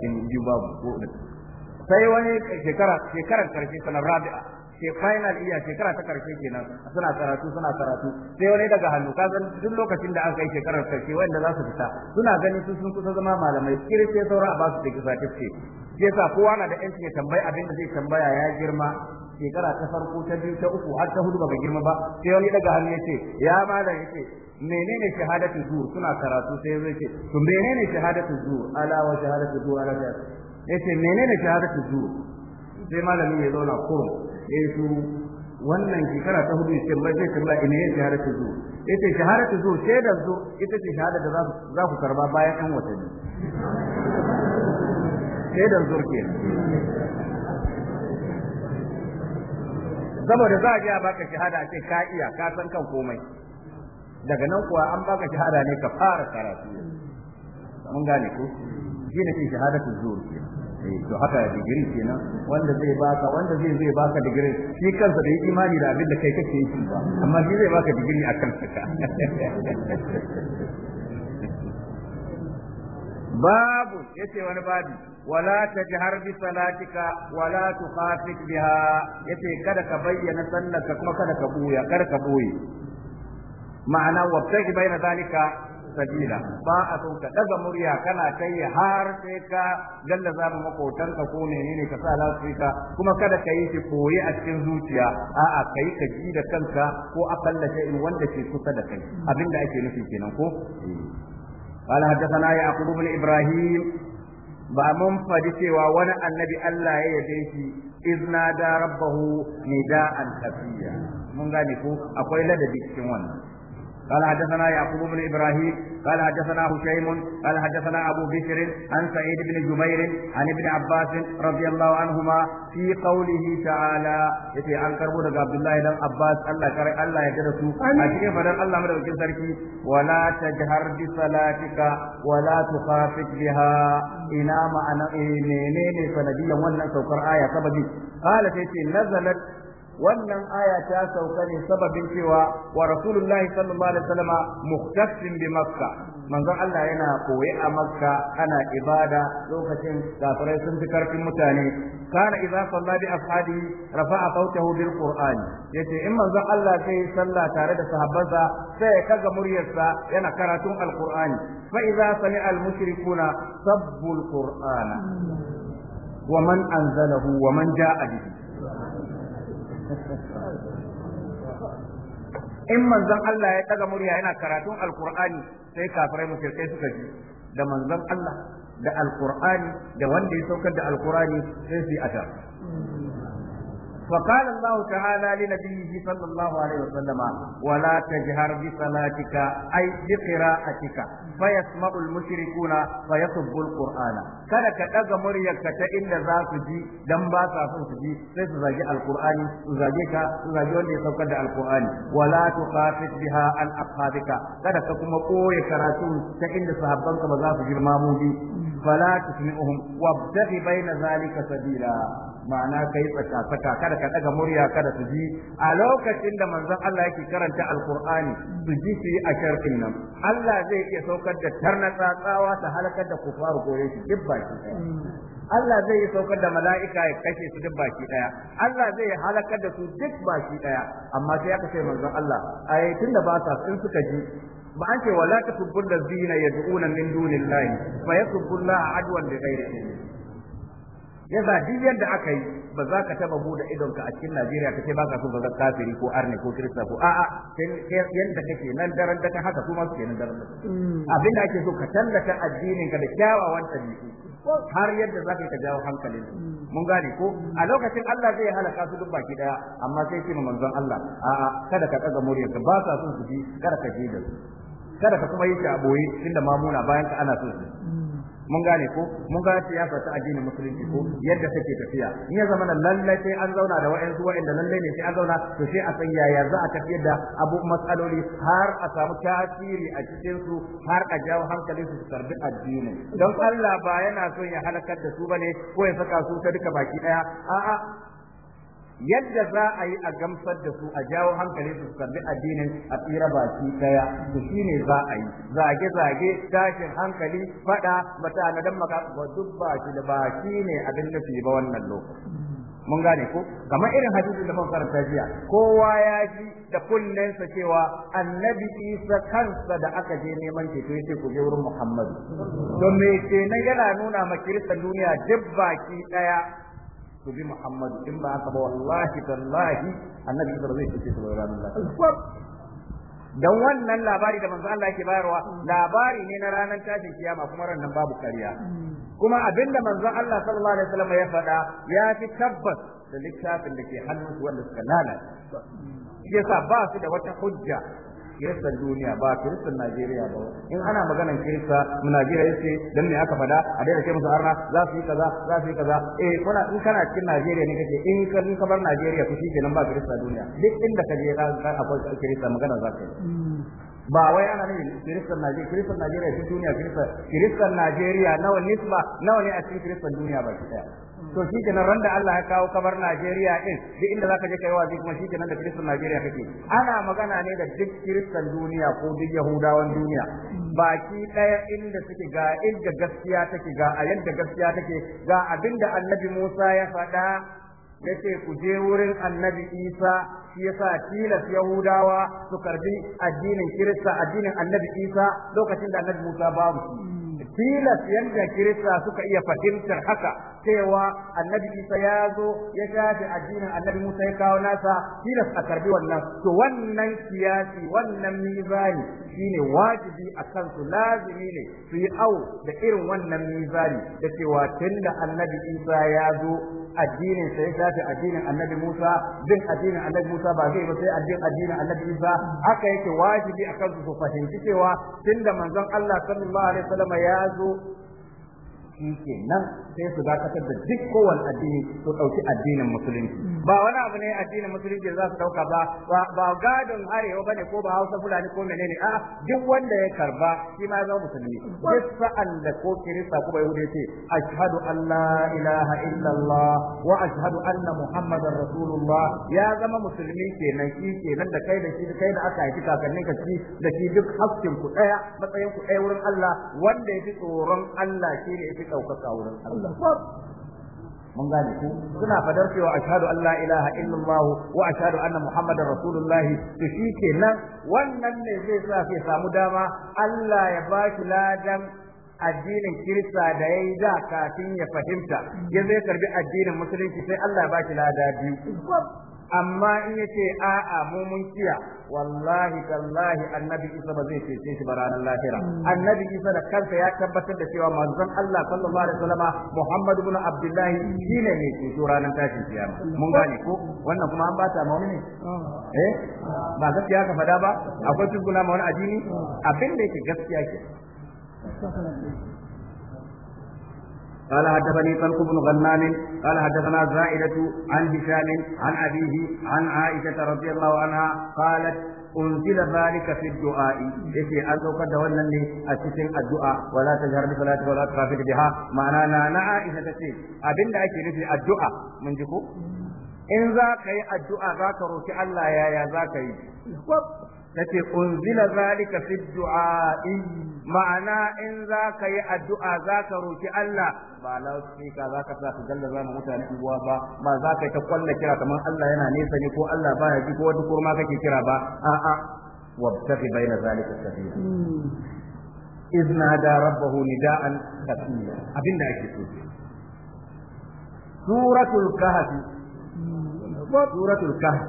in ji babu ko sai wani shekara shekarar karshe sana rabi'a ke final iya shekara ta karshe kenan suna karatu suna karatu sai wani daga hannu ka san duk lokacin da aka yi shekarar karshe wanda za su fita suna gani su sun kusa zama malamai kirce saura sauran a ba su dake certificate sai sa kowa na da yanci ya tambaya abin da zai tambaya ya girma shekara ta farko ta biyu ta uku har ta hudu ba girma ba sai wani daga hannu ya ce ya malam ya ce menene shahadatu zuwa suna karatu sai zai ce to menene shahadatu zuwa ala wa shahadatu zuwa ala da yace menene shahadatu zuwa sai malami ya zauna kurum sai su wannan kana ta hudu sai mai zai tambaya ina yin shahadatu zu yace shahadatu sai da zo ita ce shahada da za ku karba bayan ɗan watanni da zu ke saboda za a ji a baka shahada a ce ka iya ka san kan komai daga nan kuwa an baka shahada ne ka fara karatu mun gane ko shi ne ke shahadatu zuwa eh, to haka digiri nan wanda zai baka wanda zai zai baka digiri shi kansa da yi imani da abin da kai kake yi ba amma shi zai baka digiri a kansa ka babu yace wani babu, wala tajhar bi salatika wala tukhafit biha yace kada ka bayyana sallaka kuma kada ka buya kada ka buya ma'ana wabtaji bayna zalika sabila ba a so ka daga murya kana kai har sai ka gallaza mu makotanka ko menene ka sa lafika kuma kada ka yi shi koyi a cikin zuciya a'a kai ka ji da kanka ko akalla in wanda ke kusa da kai abinda ake nufi kenan ko قال حدثنا يعقوب بن ابراهيم ba mun faɗi cewa wani annabi Allah ya yabe shi izna da rabbahu nida'an kafiya mun gane ko akwai ladabi cikin wannan قال حدثنا يعقوب بن ابراهيم قال حدثنا هشيم قال حدثنا ابو بشر عن سعيد بن جبير عن ابن عباس رضي الله عنهما في قوله تعالى يتي عن كربو دغ عبد الله بن عباس الله كر الله يدرسو اكيد فدان الله مدوكين سركي ولا تجهر بصلاتك ولا تخافت بها ina ma'ana menene sanadiyan wannan saukar aya sababi qala sai ce nazalat wannan aya ta sauka ne sababin cewa wa rasulullahi sallallahu alaihi wasallam muhtassin bi makka manzon Allah yana koye a makka ana ibada lokacin kafirai sun fi karfin mutane kana idza salla bi ashabi rafa'a sautahu bil qur'an yace in manzon Allah sai sallah tare da sahabbansa sai kaga muryarsa yana karatun alqur'ani fa idza sami'a al mushrikuna sabbu al qur'ana anzalahu, wa man ja'a به in manzon Allah ya daga murya yana karatun alkur'ani sai kafirai mushrikai suka ji da manzon Allah da alkur'ani da wanda ya saukar da alkur'ani sai su yi ashar فقال الله تعالى لنبيه صلى الله عليه وسلم ولا تجهر بصلاتك أي بقراءتك فيسمع المشركون فيصب القرآن kada ka ɗaga muryarka ta inda za su ji dan ba sa son su ji sai su zagi alqur'ani su zage ka su zagi wanda ya saukar da alqur'ani wala tuqafit biha an ashabika kada ka kuma koye karatu ta inda sahabbanka ba za su ji mamudi fala tusmi'uhum wabtaghi baina zalika sabila ma'ana kai tsaka-tsaka kada ka daga murya kada su ji a lokacin da manzon Allah yake karanta alkur'ani su ji su yi a sharfin nan Allah zai iya saukar da tarnatsa tsatsawa ta halakar da kufaru goyon shi duk ba Allah zai yi saukar da mala'ika ya kashe su duk baki ɗaya. Allah zai yi halakar da su duk baki ɗaya. amma sai aka ce manzon Allah ai tunda ba sa sun suka ji ba an ce wala ya ladzina yad'una min dunillahi fa yasubbu Allah adwan bi ghairi yasa duk yadda aka yi ba za ka taba bude idonka a cikin Najeriya ka ce baka so ba kafiri ko arne ko kirista ko a'a yadda kake nan daren da haka kuma suke nan daren mm. abin da ake so ka tallata addinin ka da kyawawan ko har yadda za ka jawo hankalin mm. mun gane ko a lokacin Allah zai halaka su duk baki daya amma sai ce manzon Allah a'a kada ka tsaga muryarka ba sa son su ji kada ka je da su kada ka kuma yi ta a boye inda mamuna bayan ka ana so su mm. mun gane ko mun ga siyasa ta addinin musulunci ko yadda take tafiya in ya zama lallai sai an zauna da wa'ansu wa'inda lallai ne sai an zauna to sai a san yaya za a tafiyar da abu matsaloli har a samu tasiri a cikin su har a jawo hankalin su tarbi addini don Allah ba yana son ya halakar da su bane ko ya saka su ta duka baki daya a'a yadda za a yi a gamsar da su a jawo hankali su sabbi addinin a tsira baki daya to shine za a yi zage zage tashin hankali fada mata na dan maka ba duk baki da baki ne abin fi ba wannan lokaci mun gane ko kamar irin hadisin da karanta jiya kowa ya ji da sa cewa annabi isa kansa da aka je neman ceto yace ku je wurin muhammadu to me kenan yana nuna ma kiristan duniya duk baki daya ku bi Muhammadu in ba haka ba wallahi tallahi annabi Isa zai fice su ranar lafiya dan wannan labari da manzo Allah yake bayarwa labari ne na ranar tashin kiyama kuma ran nan babu ƙarya kuma abinda manzo Allah sallallahu alaihi wasallam ya faɗa ya fi tabbas da littafin da ke hannunsu wanda suka lalata shi yasa ba su da wata hujja kiristan duniya ba kiristan Najeriya ba in ana maganan kirista Najeriya yace dan me aka fada a daina kai musu arna za su yi kaza za su yi kaza eh kuna in kana cikin Najeriya ne kake in ka in ka bar Najeriya ku nan ba kiristan duniya duk inda ka je ka akwai kirista magana za ka yi ba wai ana ne kiristan Najeriya kiristan Najeriya shi duniya kiristan kiristan Najeriya nawa nisba nawa ne a cikin kiristan duniya ba ki daya to shi kenan randa Allah ya kawo kabar Najeriya din duk inda zaka je kai wazi kuma shi kenan da Kristan Najeriya kake ana magana ne da duk Kristan duniya ko duk Yahudawan duniya baki daya inda suke ga inda gaskiya take ga a yadda gaskiya take ga abinda Annabi Musa ya faɗa yace ku je wurin Annabi Isa shi yasa tilas Yahudawa su karbi addinin Kirista addinin Annabi Isa lokacin da Annabi Musa babu tilas yadda Kirista suka iya fahimtar haka cewa annabi isa ya zo ya shafe addinin annabi musa ya kawo nasa tilas a karbi wannan to wannan siyasi wannan mizani shine wajibi a kansu lazimi ne su yi au da irin wannan mizani da cewa tunda annabi isa ya zo addinin sa ya shafe addinin annabi musa bin addinin annabi musa ba zai ba sai addinin addinin annabi isa haka yake wajibi a kansu su fahimci cewa tunda manzon Allah sallallahu alaihi wasallam ya zo shi ke nan sai su dakatar da duk kowane addini su ɗauki addinin musulunci hmm. ba wani abu ne addinin musulunci za su ɗauka ba ba gadon arewa ne ko ba hausa fulani ko menene a duk wanda ya karba shi ma zama musulmi hmm. duk sa'an da ko kirista ko bai hude ce ashhadu an la ilaha illallah wa ashhadu anna muhammadar rasulullah ya zama musulmi kenan shi kenan da kai da shi kai da aka haifi kakannin ka shi da shi duk hakkin ku ɗaya matsayin ku wurin Allah wanda ya fi tsoron Allah shi ne ya fi ɗaukaka wurin Allah. Mun gane ku suna fadar cewa ashhadu an la ilaha illallah wa ashhadu anna muhammadar rasulullah to kenan wannan ne zai sa ke samu dama Allah ya shi ladan addinin Kirista da ya yi da kafin ya fahimta ya zai karbi addinin musulunci sai Allah ya shi lada biyu amma in yace a'a mu mun kiya wallahi tallahi annabi isa ba zai cece shi ba ranar lahira hmm. annabi isa da kansa ya tabbatar da cewa manzon Allah sallallahu alaihi wasallama Muhammad ibn Abdullahi shine ne ceto ranar tashin kiyama hmm. mun gane ko wannan kuma an bata ma ne hmm. eh ba gaskiya ka fada ba akwai tsuguna ma wani addini abin da yake gaskiya ke قال حدثني طلق بن غنام قال حدثنا زائدة عن هشام عن أبيه عن عائشة رضي الله عنها قالت أنزل ذلك في الدعاء يتي أن قد ولن أتسن الدعاء ولا تجهر بصلاة ولا تخافت بها معنانا نعائشة تسين أبن لأيك نفي الدعاء من جكو in za ka yi addu'a za ka roki Allah yaya za ka yi tace unzila zalika fi in ma'ana in zaka yi addu'a zaka roki Allah ba lausika zaka sa ka gallaza zama mutane unguwa ba ba zaka ta kwalla kira kamar Allah yana nesa ne ko Allah baya ji ko wata kurma kake kira ba a'a tafi baina zalika sabila إذ نادى nida'an نداء abinda yake so suratul الكهف suratul الكهف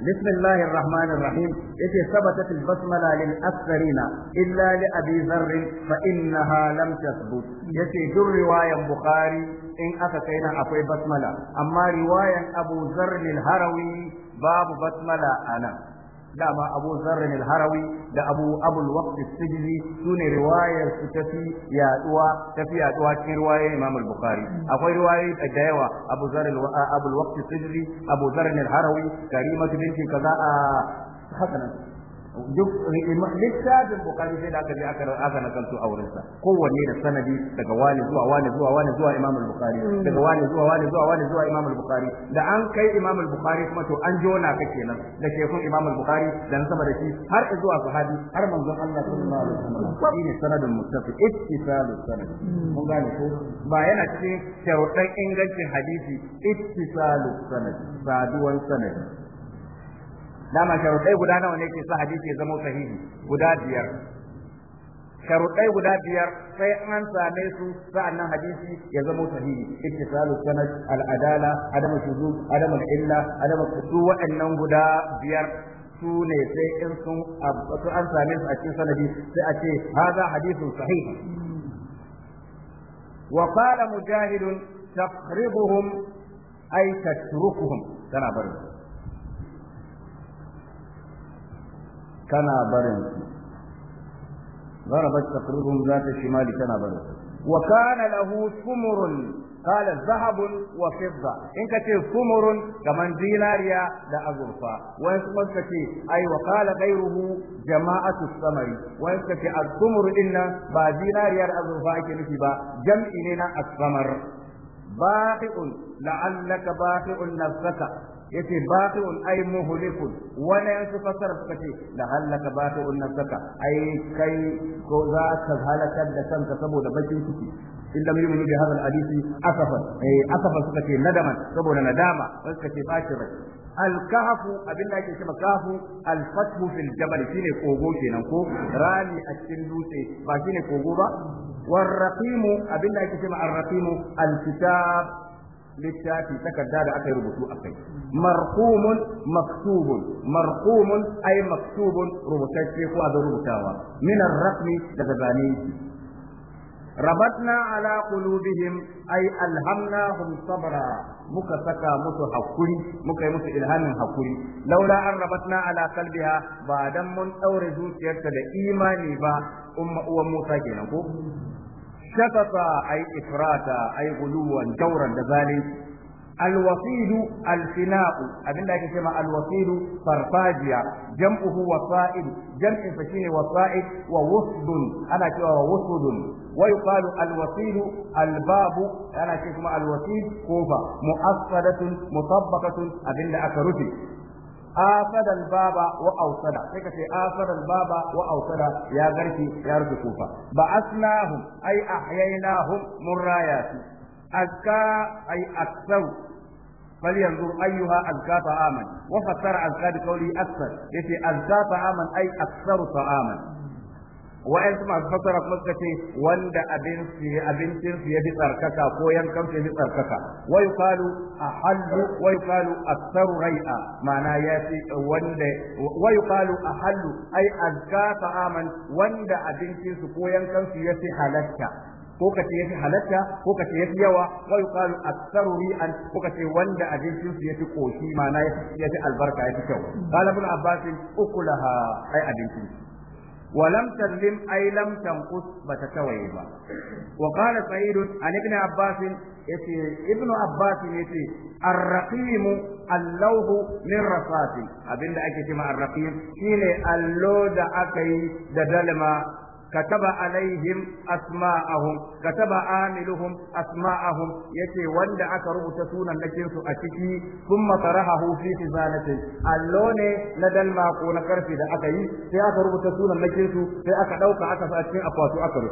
بسم الله الرحمن الرحيم يتي ثبتت البسملة للأكثرين إلا لأبي ذر فإنها لم تثبت يتي جر رواية بخاري إن أتكينا أقوي بسملة أما رواية أبو ذر الهروي باب بسملة أنا dama abu zarrin al-harawi da abu abul waqt sune riwayar su tafi yaduwa tafi yaduwa cikin riwayar imam al akwai riwayoyi da da yawa abu zarrin abul waqt as abu zarrin al-harawi karimatu kaza a haka duk littafin bukari sai da aka je aka aka nakalto a wurinsa kowanne da sanadi daga wani zuwa wani zuwa wani zuwa imam al-bukhari mm. daga wani zuwa wani zuwa wani zuwa imam al-bukhari da an kai imam al-bukhari kuma to an jona ka kenan da shekun imam al-bukhari da sama da shi har zuwa sahabi har manzon Allah sallallahu alaihi wasallam shine sanadin mustafi ittisalu sanad mun mm. gane ko ba yana cikin sharuɗan ingancin hadisi ittisalu sanadi saduwan sanadi dama sharuɗai guda nawa ne ke sa hadisi ya zama sahihi guda biyar sharuɗai guda biyar sai an same su sa'annan hadisi ya zama sahihi ittisalu sanad al-adala adamu shuzub adamu illa adamu su waɗannan guda biyar su ne sai in sun an same su a cikin sanadi sai a ce hadha hadithun sahih wa qala mujahid tafriduhum ay tatrukuhum kana bari kana barin su zarabat taqrubun zata shimali kana barin wa kana lahu sumurun qala zahabun wa fidda in ka ce sumurun thumrun kaman dinariya da azurfa wa in ka ce ai wa kala ghayruhu jama'atu samari wa in ka ce al-thumr inna ba dinariya da azurfa ake nufi ba jam'i ne na as-samar baqi'un la'allaka baqi'un nafsaka yace bati'un ay muhlikun wala su fasara suka ce la halaka bati'un nafsaka ai kai ko za ka halakar da kanka saboda bakin ciki in lam yu'minu bi hadha al-hadisi asafan eh asafan suka ce nadaman saboda nadama suka ce bacin rai الكهف abin da ake cewa kafu alfathu fil jabal shine kogo kenan ko rami a cikin dutse ba shine kogo ba Warrafimu abin da ake littafi takarda da aka yi rubutu a kai marqumun maktubun marqumun ai maktubun rubutacce ko abin rubutawa min rasmi daga zane rabatna ala qulubihim ai alhamnahum sabra muka saka musu hakuri muka yi musu ilhamin hakuri laula an rabatna ala kalbiha ba dan mun daure zuciyarta da imani ba umma uwan Musa kenan ko shakasa ay ifrata ay guluwan jawran da zalunci alwasilu alfina'u abinda ake cewa alwasilu farfajiya jam'uhu wasa'il jam'in sa shine wasa'il wa wusdun ana cewa wa wusdun wa yuqalu alwasilu albabu ana cewa kuma alwasil kofa mu'assadatun mutabbaqatun abinda aka rufe asada albaba wa ausada sai ka ce asada albaba wa ausada ya garki ya rufe kofa ba asnahum ai ahyaynahum murayati azka ai aksau فلينظر أيها أزكى طعاما وفسر أزكى بقوله أكثر يتي أزكى طعاما أي أكثر طعاما wa'yansu masu fasara kuma suka ce wanda abincin su ya fi tsarkaka ko yankan su ya fi tsarkaka wai kalu a hallu wai kalu a rai'a ma'ana ya fi wanda wai kalu a hallu ai azka aman, wanda abincin su ko yankan su ya fi halatta ko ka ce fi halatta ko ka ce fi yawa wa kalu aktsaru ri'an ko ka ce wanda abincin su fi koshi ma'ana fi albarka fi kyau qala ibn abbas ukulaha ai abincin ولم تظلم أي لم تنقص بتتوي بتتويبا وقال سعيد عن ابن عباس ابن عباس يتي الرقيم اللوه من رصاص أبن أكي الرقيم شيني اللو دا أكي دا دلما كتب عليهم أسماءهم كتب عاملهم أسماءهم يتي وند أكرب تسونا لكنس أتكي ثم طرحه في خزانته اللون لدل لدى الماقو نكرف إذا أكي في أكرب تسونا لكنس في أكدوك أكف أتكي أفوات أكرب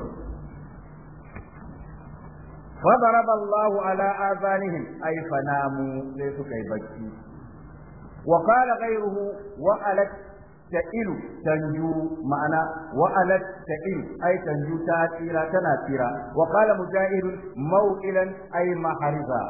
فضرب الله على آذانهم أي فناموا ليسوا كيبكي وقال غيره وألت ta'ilu tanju ma'ana wa'alat ta'ilu ai tanju ta tsira tana tsira wa qala mau'ilan mawqilan ay mahariza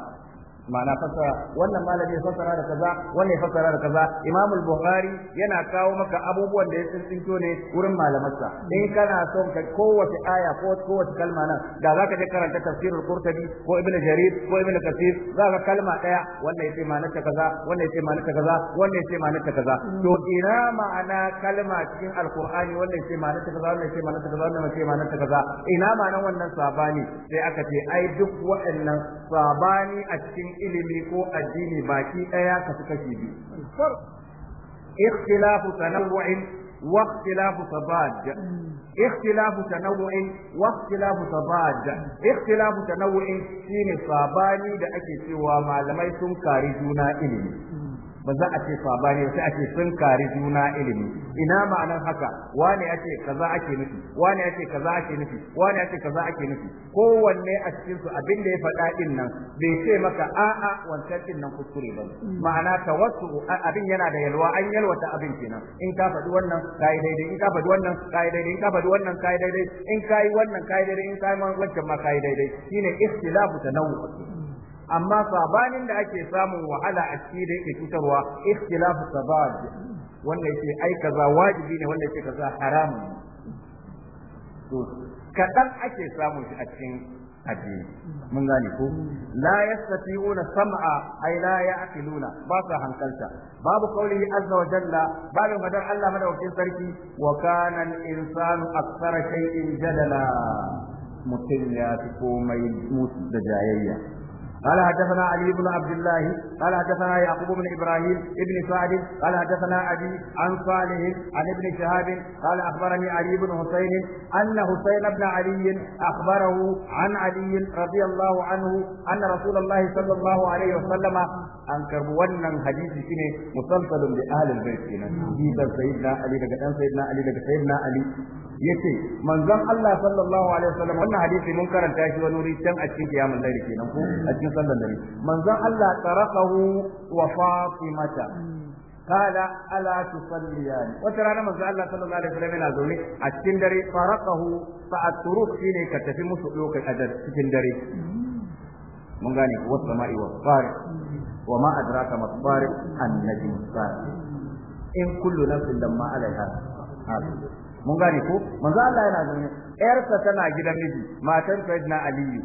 ma'ana fassara. wannan malami ya fasara da kaza wannan ya fassara da kaza Imam al-Bukhari yana kawo maka abubuwan da ya tsinto ne wurin malamarsa. in kana son ka kowace aya ko kowace kalma nan da zaka je karanta tafsirul Qurtubi ko Ibn Jarir ko Ibn Kathir zaka kalma daya wannan yace ma'anar ta kaza wannan yace ma'anar ta kaza wannan yace ma'anar ta kaza to ina ma'ana kalma cikin alqur'ani wannan yace ma'anar ta kaza wannan yace ma'anar ta kaza wannan yace ma'anar ta kaza ina ma'anar wannan sabani sai aka ce ai duk waɗannan sabani a cikin ilimi ko addini baki ɗaya ka fi kashi biyu ikhtilafu tanawu'in wa ikhtilafu tabad tanawu'in wa ikhtilafu تضاد Ikhtilafu tanawu'in shine sabani da ake cewa malamai sun kari juna ilimi ba za a ce sabani sai a ce sun kari juna ilimi ina ma'anar haka wani ya ce kaza ake nufi wani ya ce kaza ake nufi wani ya ce kaza ake nufi kowanne a cikin su abin da ya faɗa din nan bai ce maka a'a wancan din nan kuskure ba ma'ana tawassu abin yana da yalwa an yalwata abin kenan in ka faɗi wannan kai daidai in ka faɗi wannan kai daidai in ka faɗi wannan kai daidai in kai wannan kai daidai in kai wancan ma kai daidai shine ikhtilafu tanawwu amma sabanin da ake samun wahala a ciki da yake cutarwa ikhtilafu sabab wanda yake ai kaza wajibi ne wanda yake kaza haramun to kadan ake samun shi a cikin addini mun gane ko la yastati'una sam'a ai la ya'qiluna ba sa hankalta babu qawlihi azza wa jalla babu madar Allah madaukakin sarki wa kana al-insanu aktsara shay'in jadala mutum ya fi komai mutu da jayayya قال حدثنا علي بن عبد الله قال حدثنا يعقوب بن ابراهيم ابن سعد قال حدثنا ابي عن صالح عن ابن شهاب قال اخبرني علي بن حسين ان حسين بن علي اخبره عن علي رضي الله عنه ان رسول الله صلى الله عليه وسلم an karbi wannan hadisi shine musalsalun bi ahlul bait kenan bidan sayyidina ali daga dan sayyidina ali daga sayyidina ali yace manzon Allah sallallahu alaihi wasallam wannan hadisi mun karanta shi wani wuri can a cikin kiyamul laili kenan ko a cikin sallar dare manzon Allah tarafa أباه وفاطمة قال ألا تصليان وترانا من الله صلى الله عليه وسلم نازوني السندري فرقه فأتروك فيني كتفي مسؤلوك الأدب السندري من غاني والسماء والطارق وما أدراك ما الطارق النجم الطارق إن كل نفس لما عليها من غاني ko manzo Allah yana zaune ƴarsa tana gidan miji matar Sayyidina Aliyu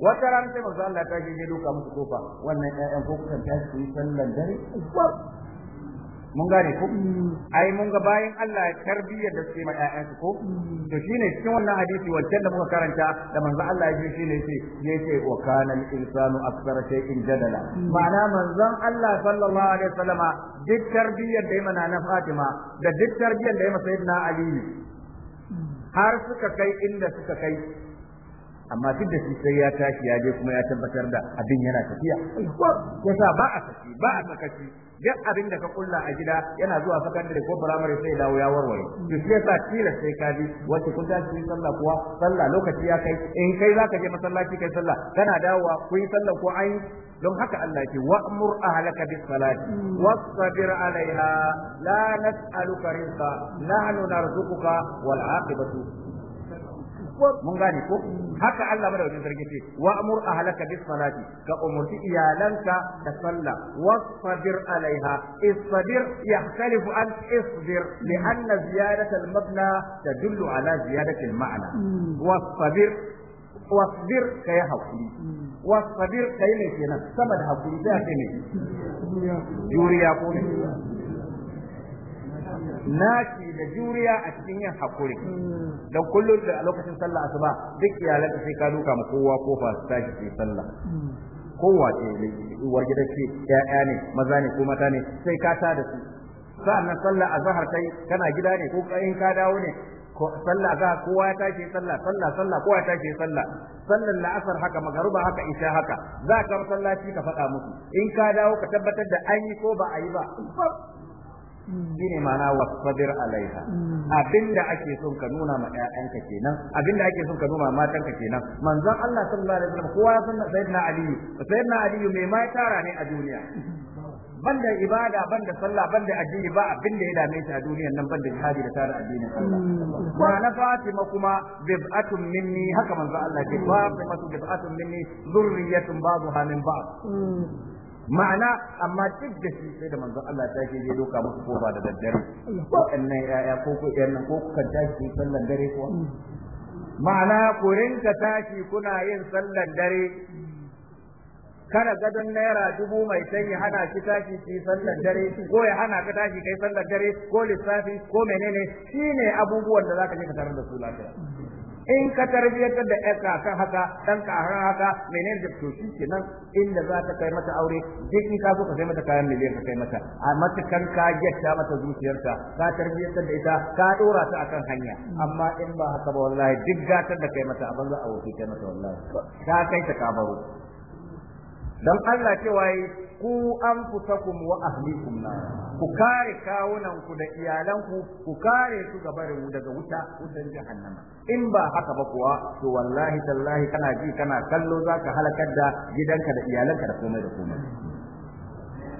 wata rana sai manzo Allah ta je ya doka musu kofa wannan ƴaƴan ko kukan ta ku yi sallan dare mun gane ko ai mun ga bayan Allah ya tarbiyyar da suke ma ƴaƴansu ko to shine cikin wannan hadisi wancan da muka karanta da manzo Allah ya ji shine yace yace wa kana al-insanu aktsara shay'in jadala ma'ana manzo Allah sallallahu alaihi wasallama duk tarbiyyar da yana na Fatima da duk tarbiyyar da yana sayyidina Ali har suka kai inda suka kai amma duk da shi sai ya tashi ya je kuma ya tabbatar da abin yana tafiya yasa ba a saki ba a sakaci duk abin da ka kulla a gida yana zuwa sakandare ko firamare sai dawo ya warware to shi yasa tilas sai ka bi wace kun tashi yin sallah kuwa sallah lokaci ya kai in kai zaka je masallaci kai sallah kana dawowa kun yi sallah ko an, don haka Allah ke wa'mur ahlaka bis salati wasbir alaiha la nas'aluka rizqa nahnu narzuquka wal aqibatu mun gane ko haka Allah madaukakin sarki ce wa amur ahlaka bis salati ka umurti iyalanka da sallah wasbir alaiha isbir يختلف عن اصبر لأن زيادة المبنى تدل على زيادة المعنى واصبر واصبر كي حقولي واصبر كي نسينا سمد حقولي ذاك جوريا ne. naki da juriya a cikin yin hakuri dan kullum da lokacin sallah asuba duk iyalan sai ka duka ma kowa kofa su tashi sai sallah kowa ce uwar gida ce ya'ya ne maza ne ko mata ne sai ka ta da su sa'annan sallah azhar kai kana gida ne ko in ka dawo ne sallah za kowa ya tashi sallah sallah sallah kowa ya tashi sallah sallar la'asar haka magaruba haka isha haka za ka masallaci ka faɗa musu in ka dawo ka tabbatar da an yi ko ba a yi ba shine ma'ana wasfadir alaiha mm. abinda ake son ka nuna ma ƴaƴanka kenan abinda ake son ka nuna ma matanka kenan manzon Allah sallallahu alaihi wasallam kowa ya san sayyidina Ali sayyidina Ali mai mai tara ne a duniya banda ibada banda sallah banda addini ba abinda da ya dame shi a duniyan nan banda jihadi da tara addinin Allah mm. wa na Fatima kuma bid'atun minni haka manzon Allah ce Fatima bid'atun minni zurriyatun ba'daha min ba'd mm. ma'ana amma duk da shi sai da manzon Allah ta ke je doka musu ko ba da daddare waɗannan yaya ko ku nan ko ku kan tashi sallan dare ko ma'ana ku rinka tashi kuna yin sallan dare kada gadon naira dubu mai sanyi hana shi tashi ki sallan dare ko ya hana ka tashi kai sallan dare ko lissafi ko menene shine abubuwan da zaka je ka tarar da su lafiya in ka tarbiyyatar da ƴarka kan haka dan ka kan haka menene da to kenan inda za ta kai mata aure duk in ka so ka kai mata kayan miliyan ka kai mata a kan ka gyatta mata zuciyarta ka tarbiyyatar da ita ka dora ta akan hanya amma in ba haka ba wallahi duk gatar da kai mata a banza a wuce kai mata wallahi ka kai ta kabaru dan Allah waye ku an anfusakum wa ahlikum na ku kare kawunanku da iyalanku ku kare su gaba da daga wuta wutan jahannama in ba haka ba kuwa to wallahi tallahi kana ji kana kallo zaka halakar da gidanka da iyalanka da komai da komai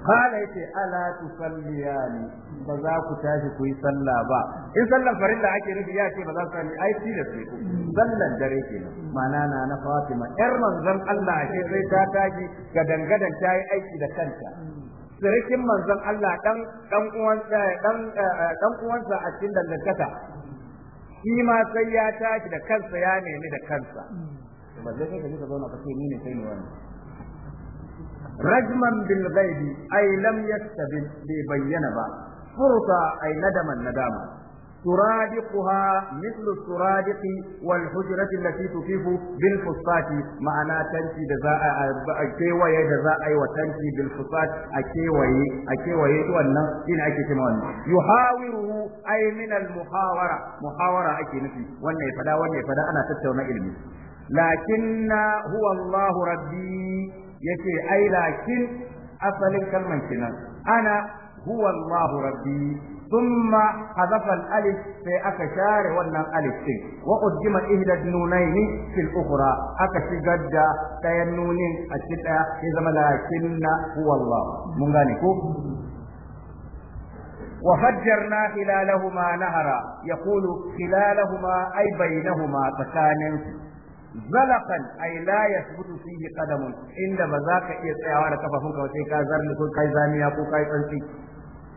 kala yace ala tusalliyani ba za ku tashi ku yi sallah ba in sallar farilla ake nufi ya ce ba za ku sani ai da ne sallar dare kenan ma'ana na na Fatima yar manzon Allah ashe sai ta tashi ga dangadan ta yi aiki da kanta sirikin manzon Allah dan dan uwan dan dan uwansa a cikin dangantaka shi ma sai ya tashi da kansa ya nemi da kansa ba zai kai ka zauna ka ce ni ne sai ne wani. rajman bil ghaibi ay lam yastabil bi bayyana ba furta ay nadaman nadama ترادقها مثل الترادق والحجرة التي تفيف بالفصات معنى تنشي دزاء أكيوية دزاء وتنشي بالفصات أكيوية أكيوية وأن إن أكيوية يحاوره أي من المحاورة محاورة أكي نفي وأن يفدا وأن يفدا أنا تتونا إلمي لكن هو الله ربي يتي أي لكن أصل الكلمة أنا هو الله ربي ثم حذف الالف في اكشار ولا الالف وقدم احدى النونين في الاخرى اكشجد تينون الشتاء اذا لكن هو الله من ذلك وفجرنا خلالهما نهرا يقول خلالهما اي بينهما تكان زلقا اي لا يثبت فيه قدم عندما ذاك za ka iya tsayawa da kafafunka ba sai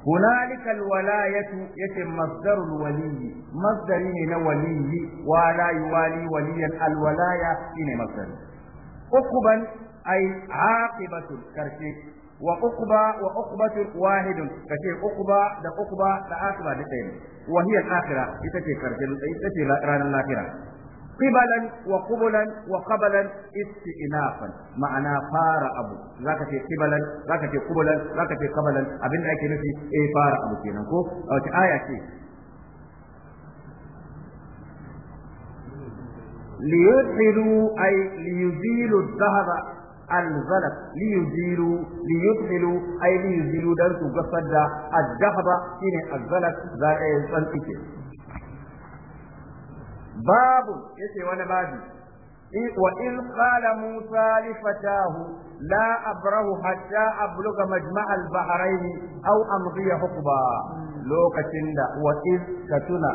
هنالك الولاية يتم مصدر الولي مصدر من ولي ولا يوالي وليا الولاية هنا مصدر أقبا أي عاقبة كرشي وأقبا وأقبة واحد كشي أقبا ده أقبا ده عاقبة ده وهي الآخرة يتشي كرشي يتشي رانا الآخرة qibalan wa qubulan wa qabalan istinafan ma'ana fara abu zaka ce qibalan zaka ce qubulan zaka ce qabalan abinda ake nufi eh fara abu kenan ko a wata aya ce ليدخلوا أي ليزيلوا الذهب الغلط ليزيلوا ليدخلوا أي ليزيلوا درس قصد الذهب إن الغلط ذا إيه babu yace wani babu wa in qala musa li fatahu la abrahu hatta abluga majma' al-bahrayn aw amghiya hukba hmm. lokacin da wa in ka tuna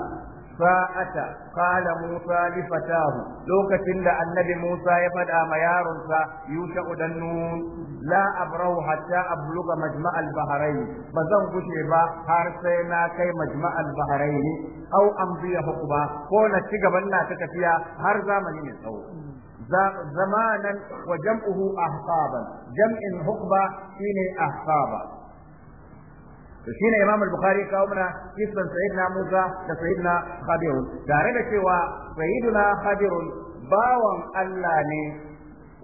sa'ata kala Musa li fatahu lokacin da annabi Musa ya fada ma yaronsa Yusha dan Nun la abrahu hatta abluga majma' al ba zan gushe ba har sai na kai majma' al Hau aw amdiya hukuma ko na ci gaban na ta tafiya har zamani mai Zama nan wa jam'uhu ahqaban jam'in hukba shine ahqaba to shine Imam bukhari ya kawo kisan Sayyidina Musa da Sayyidina Khadir tare da cewa Sayyidina Khadir bawan Allah ne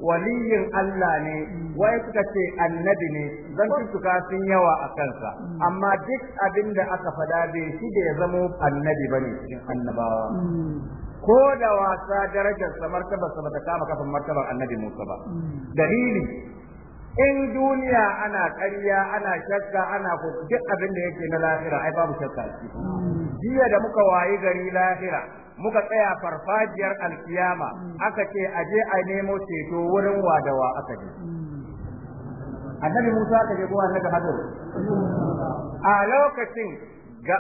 waliyin Allah ne wai suka ce annabi ne zan tuka sun yawa a kansa amma duk abin da aka faɗa bai shi da ya zamo annabi bane cikin annabawa ko da wasa darajarsa sa martaba sa bata kama kafin martabar annabi Musa ba dalili in duniya ana ƙarya ana shakka ana duk abin da yake na lahira ai babu shakka shi jiya da muka wayi gari lahira muka tsaya farfajiyar alkiyama aka ce a je a nemo ceto wurin wadawa aka je annabi Musa aka je kuma annabi Hadir a lokacin ga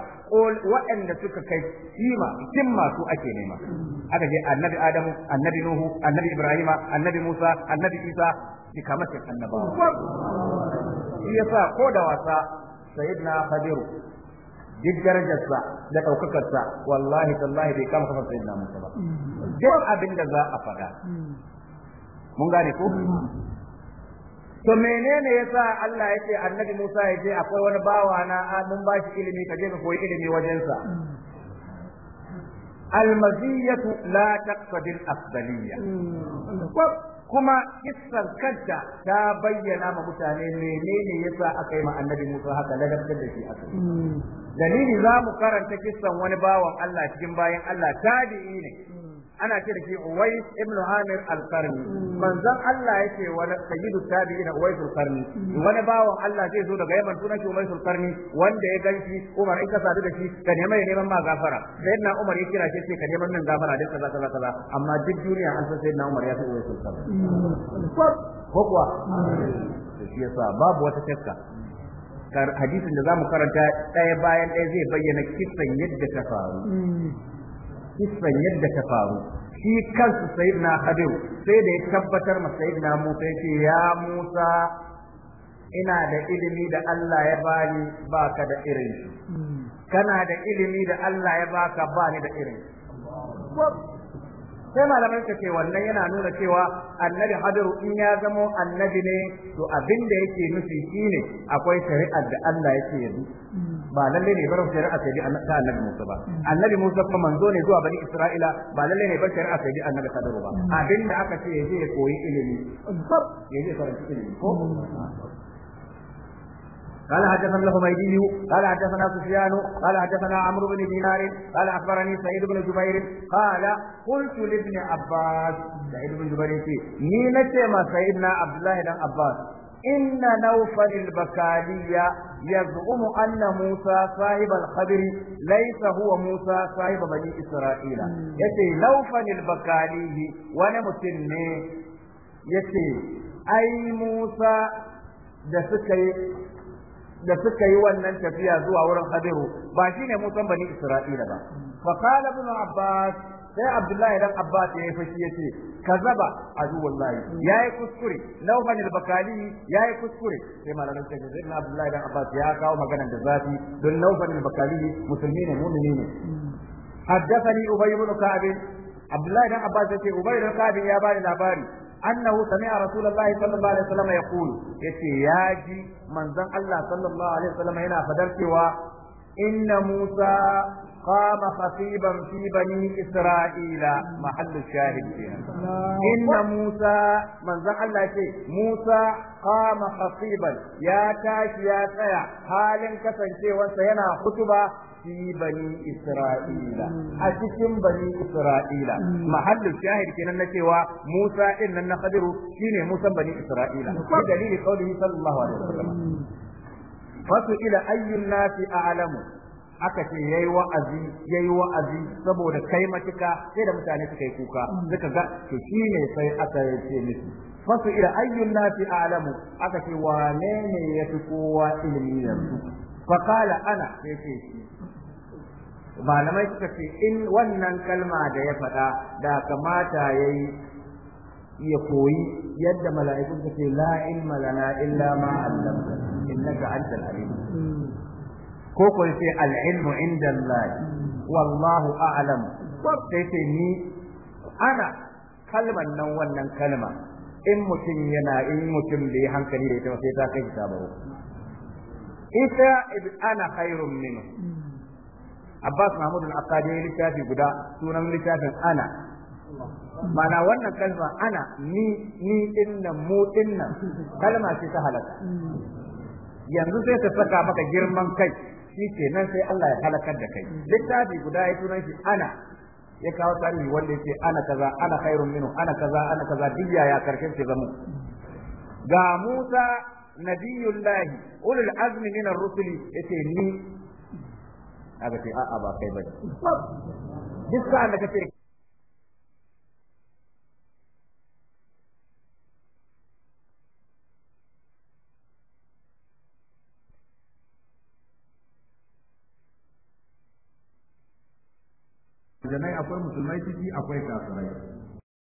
waɗanda suka kai kima kin masu ake nema aka je annabi Adamu annabi Nuhu annabi Ibrahima annabi Musa annabi Isa jikamatin annabawa shi sa ko da wasa sayyidina khadiru duk darajarsa da ɗaukakarsa wallahi tallahi bai kama kafa sayyidina musa ba duk abin da za a faɗa mun gane ko to menene yasa Allah ya ce annabi Musa ya akwai wani bawa na mun ba shi ilimi ka je ka koyi ilimi wajensa المزية لا تقتضي الأفضلية kuma kissan kanta ta bayyana ma mutane menene yasa aka yi ma annabi Musa haka ladabtar da shi aka hmm. dalili za mu karanta kissan wani bawan Allah cikin bayan Allah tabi'i ne ana ce da shi Uwai ibn Amir al-Qarni hmm. manzon Allah yake wani sayyidu tabi'in Uwai al-Qarni wani bawan Allah zai zo daga Yaman sunan shi Uwai al-Qarni wanda ya ganci Umar in ka sadu da shi ka nema ya neman ma gafara sayyidina Umar ya kira shi ce ka neman nan gafara da kaza kaza kaza amma duk duniya an san sayyidina Umar ya fi Uwai al-Qarni ko shi yasa babu wata shakka hadisin da zamu karanta ɗaya bayan ɗaya zai bayyana kisan yadda ta faru hmm. kisan yadda ta faru shi kansu sayyidina hadiru sai da ya tabbatar ma sayyidina Musa ya ce ya Musa ina da ilimi da Allah ya bani baka da irin hmm. kana da ilimi da Allah ya baka bani da irin sai malamai suka ce wannan yana nuna cewa annabi hadiru in ya zamo annabi ne to abin da yake nufi ne akwai shari'ar da Allah yake yanzu ba lalle ne bar shari'a sai ta annabi Musa ba annabi Musa kuma manzo ne zuwa bani Isra'ila ba lalle ne bar shari'a sai annabi hadiru ba abin da aka ce yaje ya koyi ilimi ya je ilimi ko قال حدثنا الحميدي قال حدثنا سفيان قال حدثنا عمرو بن دينار قال اخبرني سعيد بن جبير قال قلت لابن عباس سعيد بن جبير ني نتيما سيدنا عبد الله بن عباس إن نوفل البكالية يزعم أن موسى صاحب الخبر ليس هو موسى صاحب بني إسرائيل يتي نوفل البكاليه ونمتني يتي أي موسى da suka yi da suka yi wannan tafiya zuwa wurin hadiru ba shine musan bani isra'ila ba fa qala abbas sai abdullahi dan abbas ya yi fashi ya yace kazaba Ya yi kuskure lauhan al ya yi kuskure sai malamin sai sai abdullahi dan abbas ya kawo maganar da zafi don lauhan al-bakali musulmi ne mu'mini ne حدثني أبي بن كعب Abdullahi الله Abbas ya ce أبي بن كعب ya bani labari. annahu sami'a rasulullahi sallallahu alaihi wasallam yaqul yace yaji manzon Allah sallallahu alaihi wasallam yana fadar cewa inna Musa قام خطيبا في بني إسرائيل محل الشاهد إن موسى من ذا الله شيء موسى قام خطيبا يا تاش يا سيا حال كسن شيء وسينا خطبة في بني إسرائيل أتكم بني إسرائيل محل الشاهد كنا نكوى موسى إن نخبر شين موسى بني إسرائيل بدليل قوله صلى الله عليه وسلم فسئل أي الناس أعلم aka ce yayi wa'azi yayi wa'azi saboda kai matuka sai da mutane suka yi kuka suka ga to shine sai aka ce miki fasu ila ayyun nasi a'lamu aka ce wane ne yafi kowa ilmi yanzu fa kala ana sai ce malamai suka ce in wannan kalma da ya faɗa da kamata ya yi ya koyi yadda mala'ikun suka ce la ilma lana illa ma allamta innaka antal alim ko ko sai al ilmu inda Allah wallahu a'lam ko sai ce ni ana kalman nan wannan kalma in mutum yana in mutum bai hankali da ita sai ta kai ta baro ita ana khairun minhu Abbas Mahmud al-Aqadi ya littafi guda sunan littafin ana mana wannan kalma ana ni ni inna, mu inna. kalma ce ta halaka yanzu sai ta saka maka girman kai shi nan sai Allah ya halakar da kai littafi guda ya sunan shi ana ya kawo tarihi wanda yake ana kaza ana khairun minhu ana kaza ana kaza diya ya karkin ce zamu ga Musa nabiyullahi ulul azmi minar rusuli yace ni aka ce a'a ba kai bane duk sa'an da kace Janai akwai musulmai ciki akwai kafirai